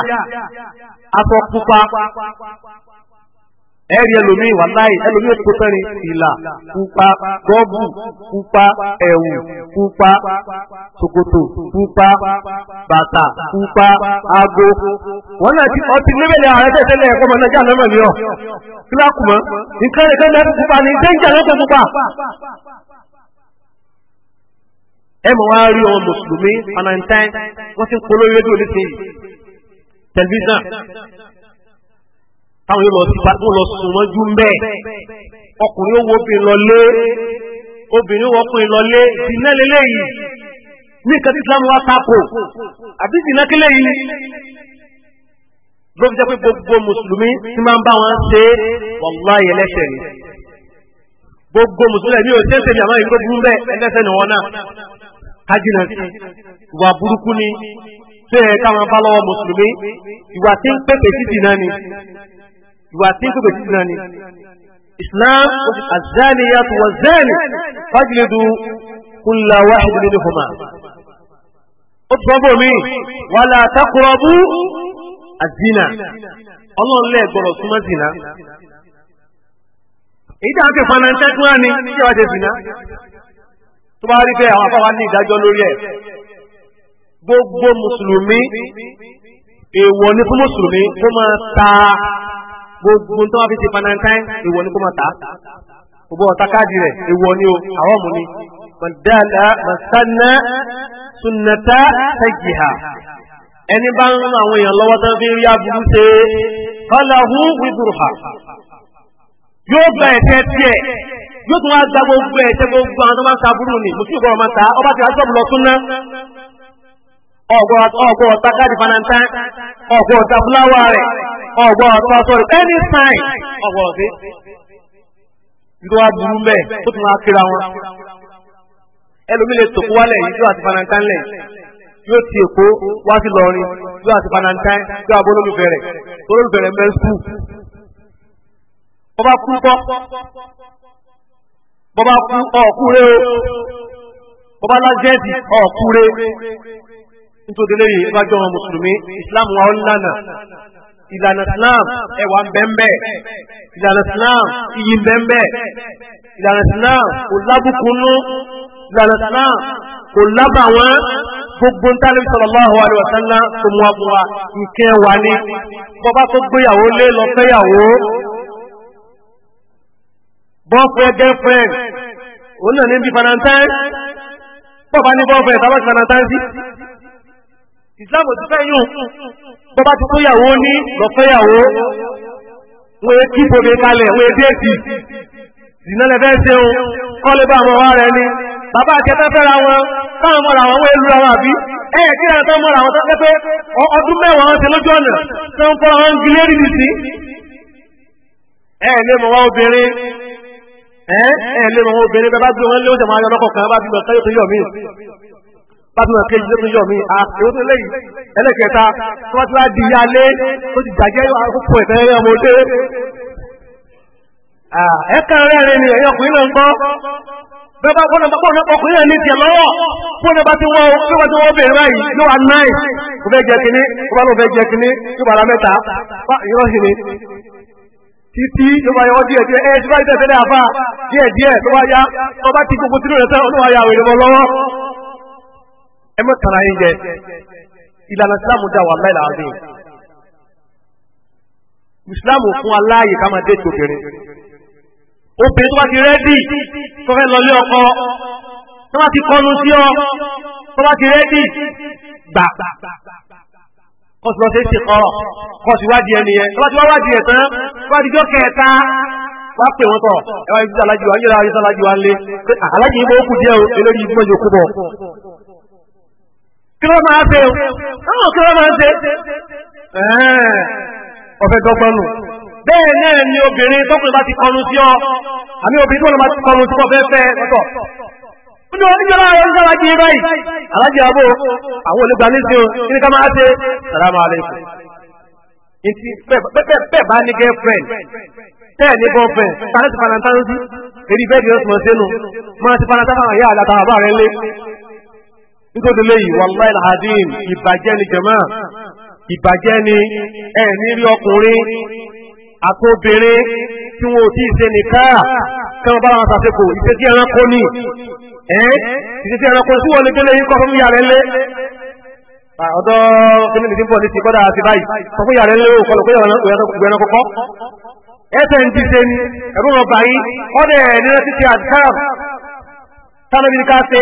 aṣọ pupa ẹ̀rí ẹlòmíì wà láì ẹlòmíì tó tẹ́rin ìlà pupa gọ́ọ̀bù pupa ẹ̀wù pupa ṣòkòtò pupa bàtà pupa aago. wọ́n náà ti ọtí lébèlè ààrẹ tẹ̀sẹ̀ lẹ́yìn ẹ̀kọ́ ọmọdé jà lọ́nà yọ kíláàkù mọ́ nǹkan ẹ̀kọ́ lẹ́yìn pupa ní dẹ́njà lọ́tọ̀ pupa. ẹ mọ̀ wá rí ọmọ mùsùlùmí ọ̀nà wọ́n ti polówó rédíò nísìnyí táwọn yóò lọ sí bá wọn lọ sùn mọ́jú ń bẹ́ẹ̀ ọkùnrin ó wo obìnrin lọ lé obìnrin wọ́n pè lọ lé ìdíná lélẹ́yìí ní nǹkan tí Islam wá tako àbí ìdíná kílẹ̀ yìí ló fi jẹ́ pé gbogbo mùsùlùmí tí máa ń bá wọn ṣe wàláhì ẹlẹ́ṣẹ̀ ni gbogbo mùsùlùmí ní òṣèlú ṣe ní àwọn ìlú burú bẹ́ẹ̀ ẹlẹ́ṣẹ̀ ni wọn náà kájínà sí ìwà burúkú ni tó yẹ káwọn bá lọ́wọ́ mùsùlùmí ìwà tí ń pèpè sí ìdíná ni ìwà tí ń pèpè títí náà ni islam az-zaniyatu waz-zani fajlidu kulla wahid minhuma ó tún bọ́ mi wala taqrabu az-zina ọlọ́run lẹ́ẹ̀ gbọ́dọ̀ súnmọ́ zina èyí tí a fi fana tẹ́tún á ní kí wàá ṣe zina tó bá rí bẹ́ẹ̀ àwọn afáwa ní ìdájọ́ lórí ẹ̀ gbogbo mùsùlùmí èèwọ̀ ni fún mùsùlùmí kó máa ta gbogbo tó wá fi ṣe panantain ìwọ ni kó máa tà á gbogbo ọ̀tá káàdì rẹ̀ ìwọ ni o àwọn ọmọ ni mọ̀dálà mọ̀sánná sunnata tẹ́jìhà ẹni bá ń rán àwọn èèyàn lọ́wọ́ tán fi ń rí aburú ṣe kọ́láhù wíbùrùhà yóò gba ẹ̀tẹ́ tiẹ̀ yóò tún wá gba gbogbo ẹ̀tẹ́ gbogbo àwọn tó máa ń sa aburú ni mùsùlùmí kọ́ ọ ọgbọ́ ọ̀tá káàdì fanata ọgbọ́ ọ̀tá fúláwà rẹ̀ ọgbọ́ ọ̀tá sọ̀rọ̀ any sign ọgbọ́ ọ̀tẹ́ ìlú wa burú mẹ́ ó tún wá kíra wọn ẹlòmí lè tòkú wálẹ̀ yìí yóò àti fanata ńlẹ̀ yóò ti èkó wá sí lọrin yóò àti fanata yóò àbọ̀ olólùfẹ̀rẹ̀ olólùfẹ̀rẹ̀ mẹ́ skul bọ́bá kú kọ́ bọ́bá kú ọ̀kú rẹ̀ o bọ́bá lájẹ́ẹ̀dì ọ̀kú rẹ̀ nítorí lẹ́yìn ẹ bá jọ wọn mùsùlùmí islam wa ọ̀lànà ìlànà islam ẹwà bẹ́ẹ̀bẹ́ ìlànà islam iyì bẹ́ẹ̀bẹ́ ìlànà islam kò lábùkúnú ìlànà islam kò lábà wọn gbogbo ntálẹ́ sallallahu alaihi wasallam tó mú abúwa ìkẹ́ wà ní bọ́bá tó gbéyàwó lé lọ fẹ́yàwó bọ́fẹ́ gẹ́fẹ́ òun náà ní bí fanatán bọ́bá ní bọ́fẹ́ ìtàbá fanatán sí islam ò ti fẹ́ yùn tó bá ti tó yàwó ní lọ́fẹ́yàwó wọ́n yẹ kí bomi kalẹ̀ wọ́n yẹ déètì ìnálẹ̀ fẹ́ ṣeun kọ́ lè bá àwọn ọmọ rẹ ni bàbá akẹta fẹ́ra wọn táwọn mọ́ra wọn wọ́n èlú ra wọn àbí ẹ̀yẹ kí ẹ̀rọ tó mọ́ra wọn tó pé pé ọdún mẹ́wàá wọn ti lójú ọ̀nà tó ń fọ́ra wọn gilé rí nìsí ẹ̀ lè mọ̀ wọn obìnrin ẹ̀ lè mọ̀ wọn obìnrin bẹ́ẹ̀ bá gbé wọn lé oúnjẹ máa yọ lọ́kọ̀ọ̀kan bá bí lọ sẹ́yọ̀ tó yọ̀ míì fatima kejì ló tún yọ mí a èwo tó léyìí ẹlẹ́kẹta tó bá ti wá di yálé ó ti jàjẹ́ àkókò ìtẹ́rẹ́ ọmọdé ẹ̀ka rẹ̀ ni ẹ̀yọ́ ọkùnrin náà ń gbọ́ bẹ́ẹ̀ bá fọ́nà bá fọ́nà ọkùnrin náà ní tiẹ̀ lọ́wọ́ fọ́nà bá ti wọ́ bí wọ́n ti wọ́ bẹ̀rẹ̀ báyìí ló wà náì kò fẹ́ jẹ kínní kò bá ló fẹ́ jẹ kínní tó bàrà mẹ́ta bá ìrọ́ sí ni títí ló bá yọwọ́ díẹ̀ díẹ̀ ẹ ti bá yí tẹ̀sẹ̀ dẹ́ àfà díẹ̀ díẹ̀ ló bá yá ọba ti gbogbo sínú rẹ̀ sẹ́ ẹ mọ̀ tara yín jẹ ìlànà Islam dá wà láì láàbí Islam fún aláàyè ká máa déètì obìnrin obìnrin tó bá ti rẹ́dì tó fẹ́ lọlé ọkọ tó bá ti kọnu sí ọ tó bá ti rẹ́dì gbà kọ́ sí lọ sí ìsìnkọ́rọ̀ kọ́ sí wádìí ẹni yẹn tó bá ti wá wádìí ẹ̀ tán tó bá ti jọ́ kẹta wá pè wọ́n tọ̀ ẹwà ìdílé alájú wa ń yẹra ayé wa ń lé alájú yìí bó kù díẹ̀ o eléyìí gbọ́njọ kú bọ̀ kí ló máa ṣe o táwọn kí ló máa ṣe ọ̀fẹ́ dọ́gbọ́n nù bẹ́ẹ̀ náà ni obìnrin tó kùnrin bá ti kọnu sí ọ àmì obìnrin tó kùnrin bá ti kọnu sí ọ fẹ́ fẹ́ lọ́tọ̀ nínú oníjọba àwọn oníjọba kí báyìí alájẹ àbò àwọn olùgbà nísì o kí ni ká máa ṣe salamu alaikum nti bẹ́ẹ̀ bá ní girlfriend tẹ́ẹ̀ ní girlfriend tani ti fanata ń sí èyí bẹ́ẹ̀ ni ó sì nítorí léyìí wàláì àdín ìbàjẹ́ ni jẹ̀mọ́ ìbàjẹ́ ni ẹ̀ nírí ọkùnrin àtòbìnrin tí wọn ò tí ì ṣe nìka kí wọn bá wọn ṣàṣepọ̀ ìṣesí ẹranko ni ẹ ìṣesí ẹranko tí wọn lè gbélé yín kọ fún yàrá lé ọ̀dọ́ kí nìyí bọ̀ ní ti kọ́dà àti báyìí kọ fún yàrá lé òkọ lọ pé ẹranko kọ ẹsẹ̀ ń ti ṣe ni ẹ̀rú ọba yìí ọ̀dẹ̀ ẹ̀ tánàbí ká ṣe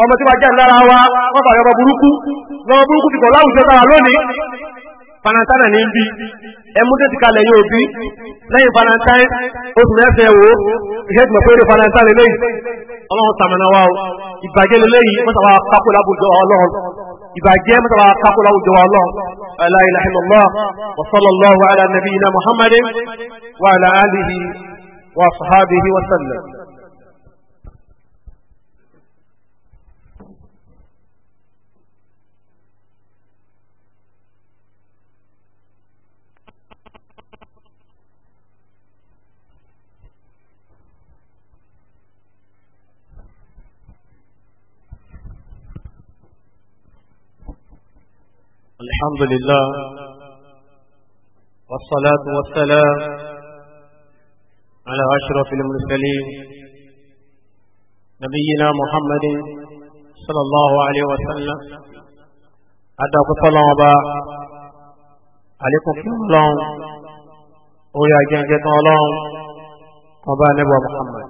ọmọ tí wàá jẹ́ lára wa wọ́n pàdé ọmọ burúkú lọ́wọ́ burúkú ti láwùjọ tára lónìí fanatana ní bí ẹmú tètè kalẹ̀ yóò bí lẹ́yìn fanatana oṣù mẹ́fẹ̀ẹ́ wo ìṣẹ́ tí mo fẹ́ lé fanatana lélẹ́yìn ọlọ́run sàmànà wa o ìbàjẹ́ lélẹ́yìn mọ́tàwá kákó láwùjọ ọlọ́run ìbàjẹ́ mọ́tàwá kákó láwùjọ ọlọ́run la ilaha wa sallallahu ala nabiyyina muhammadin wa ala alihi wa sahbihi wa sallam. الحمد لله والصلاة والسلام على أشرف المرسلين نبينا محمد صلى الله عليه وسلم أدعوك صلى الله عليكم كم الله ويا جنجة الله وبا نبوى محمد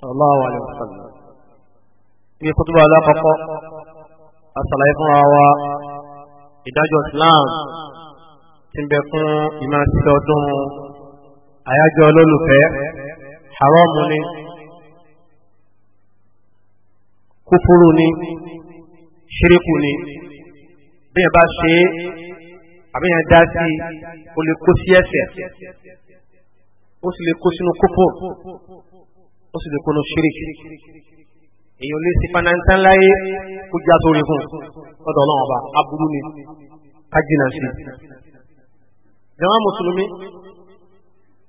صلى الله عليه وسلم في خطبة لا فقط الصلاة والسلام ìdájọ́ Islam ti ń bẹ fún ìmọ̀ títí ọdún àyájọ́ olólùfẹ́ haramu ni kúfúrú ni ṣíríkù ni bí yẹn bá ṣe é àbí yẹn dá sí o lè kó sí ẹsẹ̀ ó sì lè kó sínú kúfúrú ó sì lè kó nu ṣíríkù èèyàn lè ṣe fanantan láyé kó já sórí fún ọ̀dọ̀ Ọlọ́run ọba aburú ni kájínà sí. jama mùsùlùmí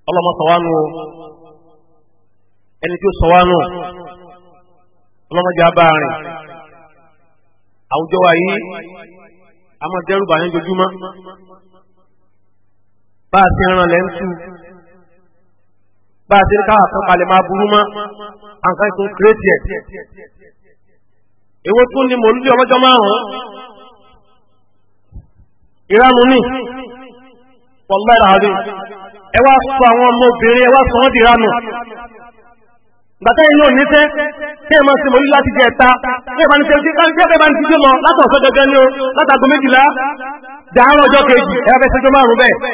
ọlọmọ sọwánu o ẹni tí ó sọwánu ọlọmọdé abáàrin àwùjọ wa yìí a máa dẹ́rù bàyẹn jojúmọ́ bá a ti rán lẹ́ńtù bá a ṣe ní káwà kan kalẹ̀ máa burú mọ́ àǹkan tó kírètì ẹ̀. èwo tún ni mò ń lé ọlọ́jọ́ márùn-ún ìránu ní pọ̀lọ́ ìràrí ẹ wá sọ àwọn ọmọbìnrin ẹ wá sọ wọ́n di ìránu gbàtà yìí yóò ní tẹ́ kí ẹ máa ṣe mọ̀lú láti jẹ ẹ̀ta kí ẹ máa ní ṣe kí ẹ máa ní ṣe lọ látọ̀sọ́ gẹ́gẹ́ ní o látàgọ́ méjìlá dàárọ̀ ọjọ́ kejì ẹ fẹ́ ṣẹjọ́ márùn-ún bẹ́ẹ̀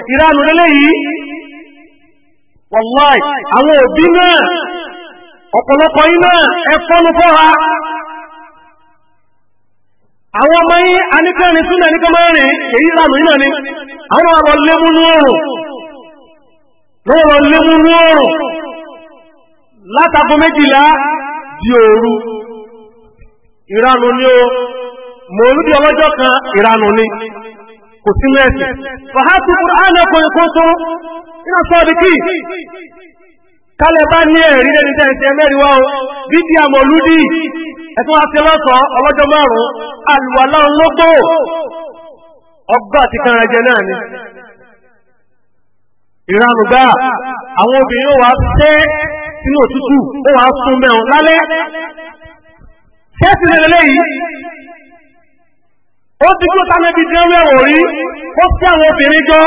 wàláì àwọn òbí náà ọ̀pọ̀lọpọ̀ yín náà ẹ fọ́nú fọ́ra àwọn ọmọ yín aníkẹ́rin súnà ní kọ́mọ́rin èyí lànà yín náà ni àwọn ọmọ lẹ́múnú ọ̀rùn lọ́wọ́ lẹ́múnú ọ̀rùn látago méjìlá di òru ìranù ni o mòlúdi ọlọ́jọ́ kan ìranù ni kò sí mẹ́sì fàhátù kùránà kò ikú tó iná sọ́ọ̀dì kí kálẹ̀ bá ní ẹ̀rí lẹ́ni tẹ́ẹ̀tẹ́ mẹ́rin wá o bí ti àmọ̀lúdì ẹ̀tún àti ọlọ́sọ̀ ọlọ́jọ́ márùn-ún àlùwàlá ológbò ọgbà àti kanrajẹ náà ni ìranùgbà àwọn obìnrin wà tẹ́ sínú òtútù ó wà sún mẹ́rún lálẹ́ tẹ́sí lẹ́lẹ́lẹ́ yìí ó ti kú sánẹ́bí tí ó mẹ́wọ̀n rí ó sí àwọn obìnrin jọ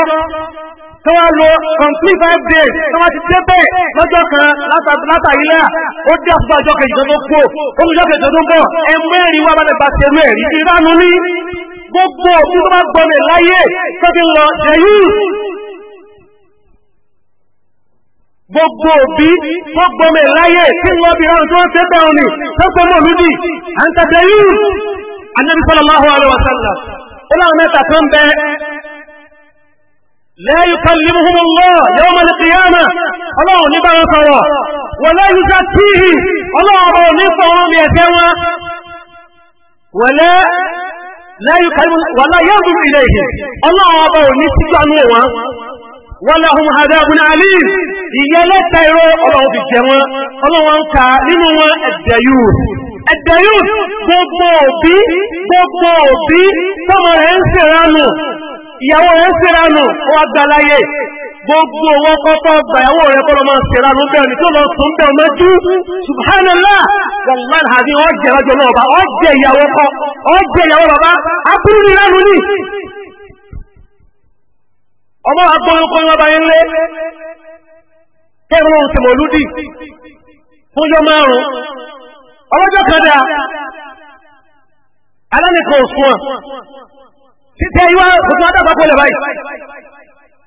tó wá lo complete five days tó wá ti débẹ̀ lọ́jọ́ kan látàrílẹ̀ ó dé àfúgbà ọjọ́ kejì tó tó kú ó mú ìjọba ìjọba tó ń bọ̀ ẹ mẹ́rin wá balẹ̀ bá ṣerú ẹ̀rí ti ránu ní gbogbo òkú tó bá gbọmẹ̀ láyé tó ti lọ jẹ̀yú gbogbo òbí tó gbọmẹ̀ láyé tí ń lọ bí ránu tó ń tẹ́bẹ̀ òní tó gbọmọ̀ à ń tẹ̀tẹ̀ yìí anabi sallallahu alayhi wa sallam ó láwọn mẹ́ta kan bẹ la yukallimuhum Allah yawm al-qiyamah ọlọ́run ní bára sọ̀rọ̀ wa la yuzakkihi ọlọ́run ní sọ̀rọ̀ mi ẹ̀fẹ́ wọn wala la yukallimuhum wala yanzuru ilayhim ọlọ́run ọba ò ní síjú àánú wọn wọ́láhùn àdáàbùn àlìm ìyẹ́ lẹ́ta ìró ọlọ́run fi jẹ wọn ọlọ́run ń ka nínú wọn ẹ̀dẹ̀yù ẹ̀dẹ̀yù gbogbo òbí gbogbo òbí tọ́mọ rẹ̀ ń ṣèrànù ìyàwó rẹ̀ ń ṣèrànù wọ́n gbàláyé gbogbo wọn kọ́kọ́ gbàyàwó rẹ̀ kọ́ lọ máa ṣèrànù bẹ́ẹ̀ ni tó lọ sùn bẹ́ẹ̀ mẹ́jú subhanallah wàlúwà àbí ọjẹ́ ìyàwó bàbá ọmọ wa gbóyúnkóyún ọba yín lé kẹrin ohun tìmọ̀ lúdì fúnjọ márùn ọlọ́jọ́ kan dà alánìkan òṣùwọ̀n títẹ ìwà òṣùwọ̀n adàgbà kọlẹ̀ báyìí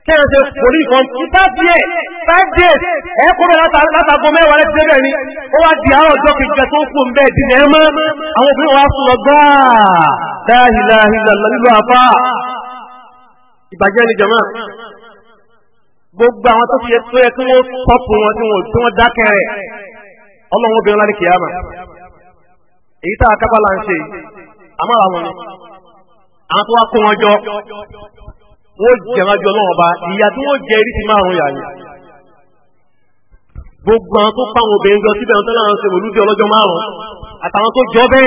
kẹrin ṣe pòlì kan títà díẹ̀ five days ni ó wá di àárọ̀ ọjọ́ kejì tó kù ń bẹ́ ẹ̀dì ní ẹ mọ́ àwọn obìnrin ìbàjẹ́ ni jama gbogbo àwọn tó yẹ tó yẹ kí wọ́n tọ́pù wọn tí wọ́n tí wọ́n dákẹ́ rẹ̀ ọlọ́run obìnrin láti kìyàmà èyí a kápá là ń ṣe àmọ́ àwọn ni àwọn tó wá kó wọn jọ wọ́n jẹ̀rán jọ lọ́wọ́ bá ìyá tí wọ́n jẹ eré ti márùn gbogbo àwọn tó pa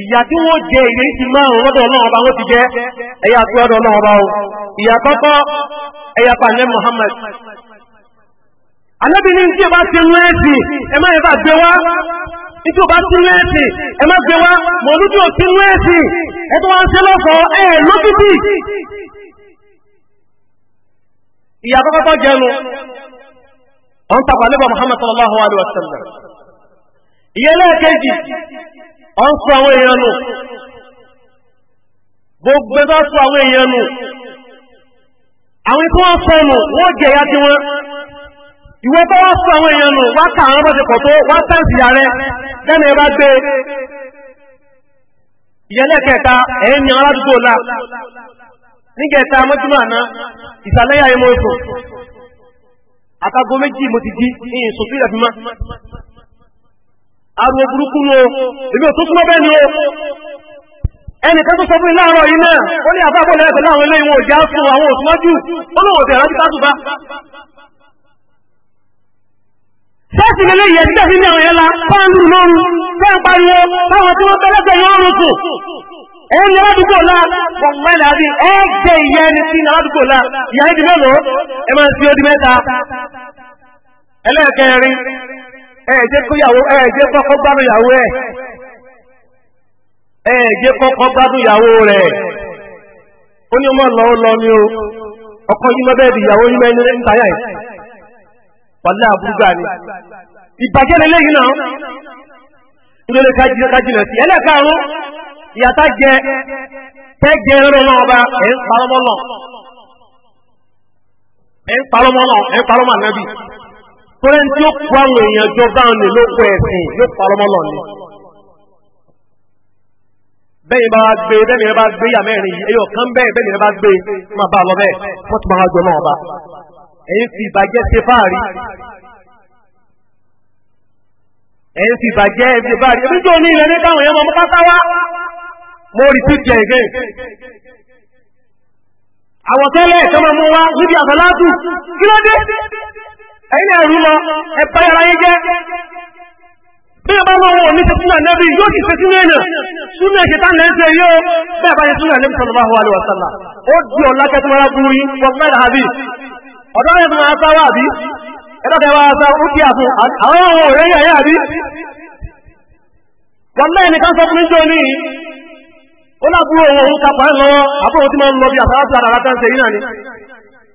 ìyà tí wọ́n jẹ ìrírí ti máa ń lọ́dọ̀ ọlọ́run ọba wọ́n ti jẹ́ ẹ̀yà tó ọdọ̀ ọlọ́run ọba o ìyà kọ́kọ́ ẹ̀yà pàlẹ́ Muhammad alábìnrin tí o bá ti rú ẹ̀sì ẹ má yẹ bá gbé wá tí o bá ti rú ẹ̀sì ẹ má gbé wá mọ̀lúdì ò ti rú ẹ̀sì ẹ tó wá ń ṣe lọ́fọ̀ọ́ ẹ̀ lókìtì ìyà kọ́kọ́ jẹnu ọ̀n tàbí alẹ́bà Muhammad sallallahu alaihi wa sallam ìyẹn lẹ́ẹ̀kejì ọ ń sọ àwọn gbogbo ẹgbẹ́ sọ àwọn èèyàn nù àwọn wọ́n sọ nù wọ́n jẹ ìyá tiwọn sọ àwọn èèyàn nù wá ká àwọn pọ̀ tó wá sáǹsì ìyá rẹ lẹ́nu ẹ bá gbé ẹ̀yìn arụ burúkú ni o ibi ò tó ni o e tó sọ fún ilé àárọ̀ yìí náà ó ní àbábọ̀ lẹ́yìn pẹ̀lú àwọn eléyìí wọn ò já fún àwọn òṣùwájú ó lóun ọ̀tẹ̀ rájú tátùbá sẹ́ẹ̀sì ẹ̀sí ní àwọn lóru fẹ́ ń pariwo táwọn tí wọ́n yọ àbí ẹ̀ẹ́dẹ̀ ní ẹ̀ẹ́dẹ́ kọ́yàwó ee, kọ́kọ́ gbádùn ìyàwó ẹ̀ ẹ̀ẹ́dẹ́ kọ́kọ́ gbádùn ìyàwó rẹ̀ ó ní ọmọ lọ ni o ọkọ yìí mọ́ di ìyàwó yìí mẹ́ni ń tayà ẹ̀ pàdé àbúgbà ni ìbàjẹ́ lélẹ́yìn náà nítorí kájìnà sí ẹlẹ́karùn-ún ìyàtá jẹ náà ẹ̀ ń parọ́mọ́ náà ẹ̀ ń parọ́mọ́ náà ẹ̀ ń parọ́mọ́ torí tí ó kó àwọn èèyàn jọ bá ń lè lóko ẹ̀sìn ló parọ́mọ́ lọ ni. bẹ́ẹ̀ bá gbé bẹ́ẹ̀ bá gbé yà mẹ́rin yìí ẹ̀yọ̀ kan bẹ́ẹ̀ bẹ́ẹ̀ bá gbé máa bá lọ bẹ́ẹ̀ wọ́n ti máa jọ náà bá. ẹ̀yin fi ìbàjẹ́ ṣe fáàrí. ẹ̀yin fi ìbàjẹ́ ṣe fáàrí. èmi tó ní ilẹ̀ ní káwọn èèyàn mọ̀ pátá wá. mo rí sí jẹ ìgbẹ́. àwọ̀tẹ́lẹ̀ ẹ̀yin ẹ̀rú lọ ẹ̀pá ara yín jẹ́ bí ọba máa wọ̀ ní sẹ́súnà nẹ́bí yóò ti sẹ́súnà èèyàn súnà yóò bá yẹ súnà ó di ọ̀la ara burú yín wọ́pẹ́ àbí ọ̀dọ́ rẹ̀ máa sá wà bí ẹ̀dọ́kẹ́ wá sá ó kí àfún àwọn ọmọ rẹ̀ yà yà bí wọ́n mẹ́rin nìkan sọ fún ìjọ ní ó òun kapa ẹ̀ àbúrò tí ń lọ bí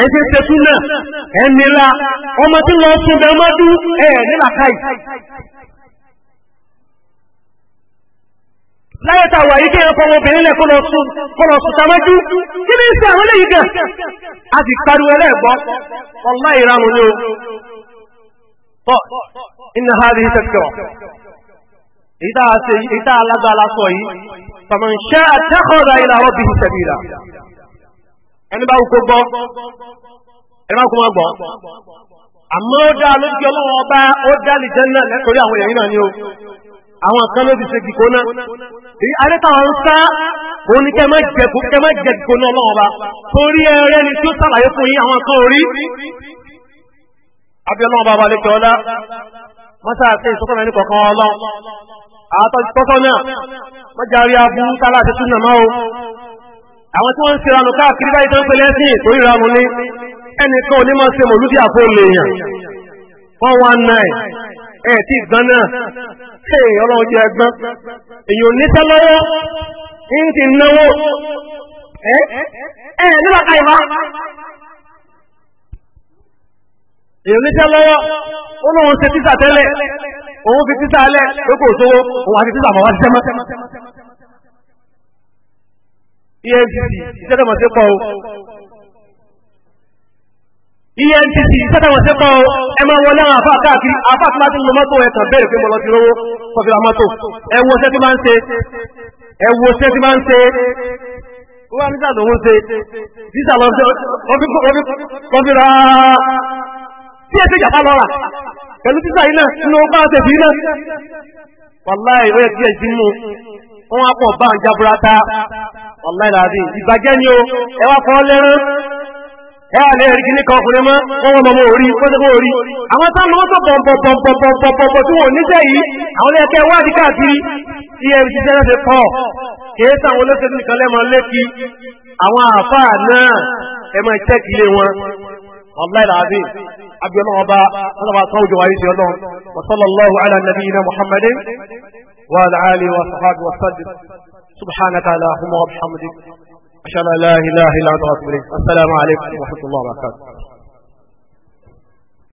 ẹ̀yìn tí ń ṣe súnà ẹ̀nìlá ọmọ tí lọ sún bẹ mọ́dú ẹ̀ nílà káì láyẹ̀ta wà yí kí ẹ fọwọ́ obìnrin lẹ̀ kọ́lọ̀ sún kọ́lọ̀ sún tamájú kí ní sí àwọn eléyìí gẹ̀ a sì pariwo ẹlẹ́gbọ́ ọlá ìranù ni o tọ́ iná ha rí tẹ̀síọ̀ ìta alágbára sọ yìí tọmọ ń ṣe àtẹ́kọ̀ọ́dà ìlà rọ́bì ìṣẹ̀bìrà ẹni bá wùkó gbọ́ ẹni bá wùkó mọ́ gbọ́ àmọ́ ó dá lójú ọlọ́wọ́ ọba ó dá náà àwọn èèyàn náà ni ó àwọn kan ló ti ṣe gbìkó náà èyí arẹ́tàwọn sá òun ni kẹ́ má jẹ kẹ́ má jẹ gbìkó náà ọlọ́wọ́ ọba torí ni tí ó sàlàyé fún yín àwọn kan orí abẹ́ ọlọ́wọ́ ọba balẹ̀ ìsọ́kọ̀ mẹ́rin àwọn tí wọ́n ń ṣe ranù káàkiri báyìí tó ń pẹlẹ́ sí ìtorí ranù ní ẹnìkan ò ní máa ṣe mọ̀lúdí àfóòlè èèyàn one one nine ẹ̀ tí gan náà ṣe ọlọ́run jẹ́ ẹgbọ́n èèyàn níṣẹ́ lọ́wọ́ ń ti náwó ẹ̀ ẹ̀ nígbà ká ìbá èèyàn níṣẹ́ lọ́wọ́ ó lóun ṣe títà tẹ́lẹ̀ òun fi títà alẹ́ lókòó sówó òun àti títà màwá ṣiṣẹ́ mọ́ EFCC iṣẹ́ tó mọ̀ sí pọ̀ o EFCC iṣẹ́ tó mọ̀ sí pọ̀ o ẹ máa wọlé àwọn àfáà káàkiri àfáà tó bá ti lo mọ́tò ẹ̀kan bẹ́ẹ̀ pé mo lọ ti rówó kọfíra mọ́tò ẹ wo iṣẹ́ tí máa ń ṣe ẹ wo iṣẹ́ tí máa ń ṣe wọ́n ní sáà tó ń ṣe dísà lọ sí kọfíra tí ẹ ti jàpá lọ́ra pẹ̀lú dísà yìí náà nínú bá ṣe fi náà wàláì ó yẹ kí ẹ wọ́n á pọ̀ bá ń jaburata ọ̀láìláàdì ìbàjẹ́ ni o ẹ wá fọ́ lẹ́rán ẹ wà lè ori kíní ori. Awọn mọ́ wọ́n wọ́n mọ́ orí pọ́sẹ́kọ́ orí àwọn tá wọ́n وعلى آله وصحابه وسلم سبحانك اللهم وبحمدك أشهد أن لا إله إلا أنت أستغفرك السلام عليكم ورحمة الله وبركاته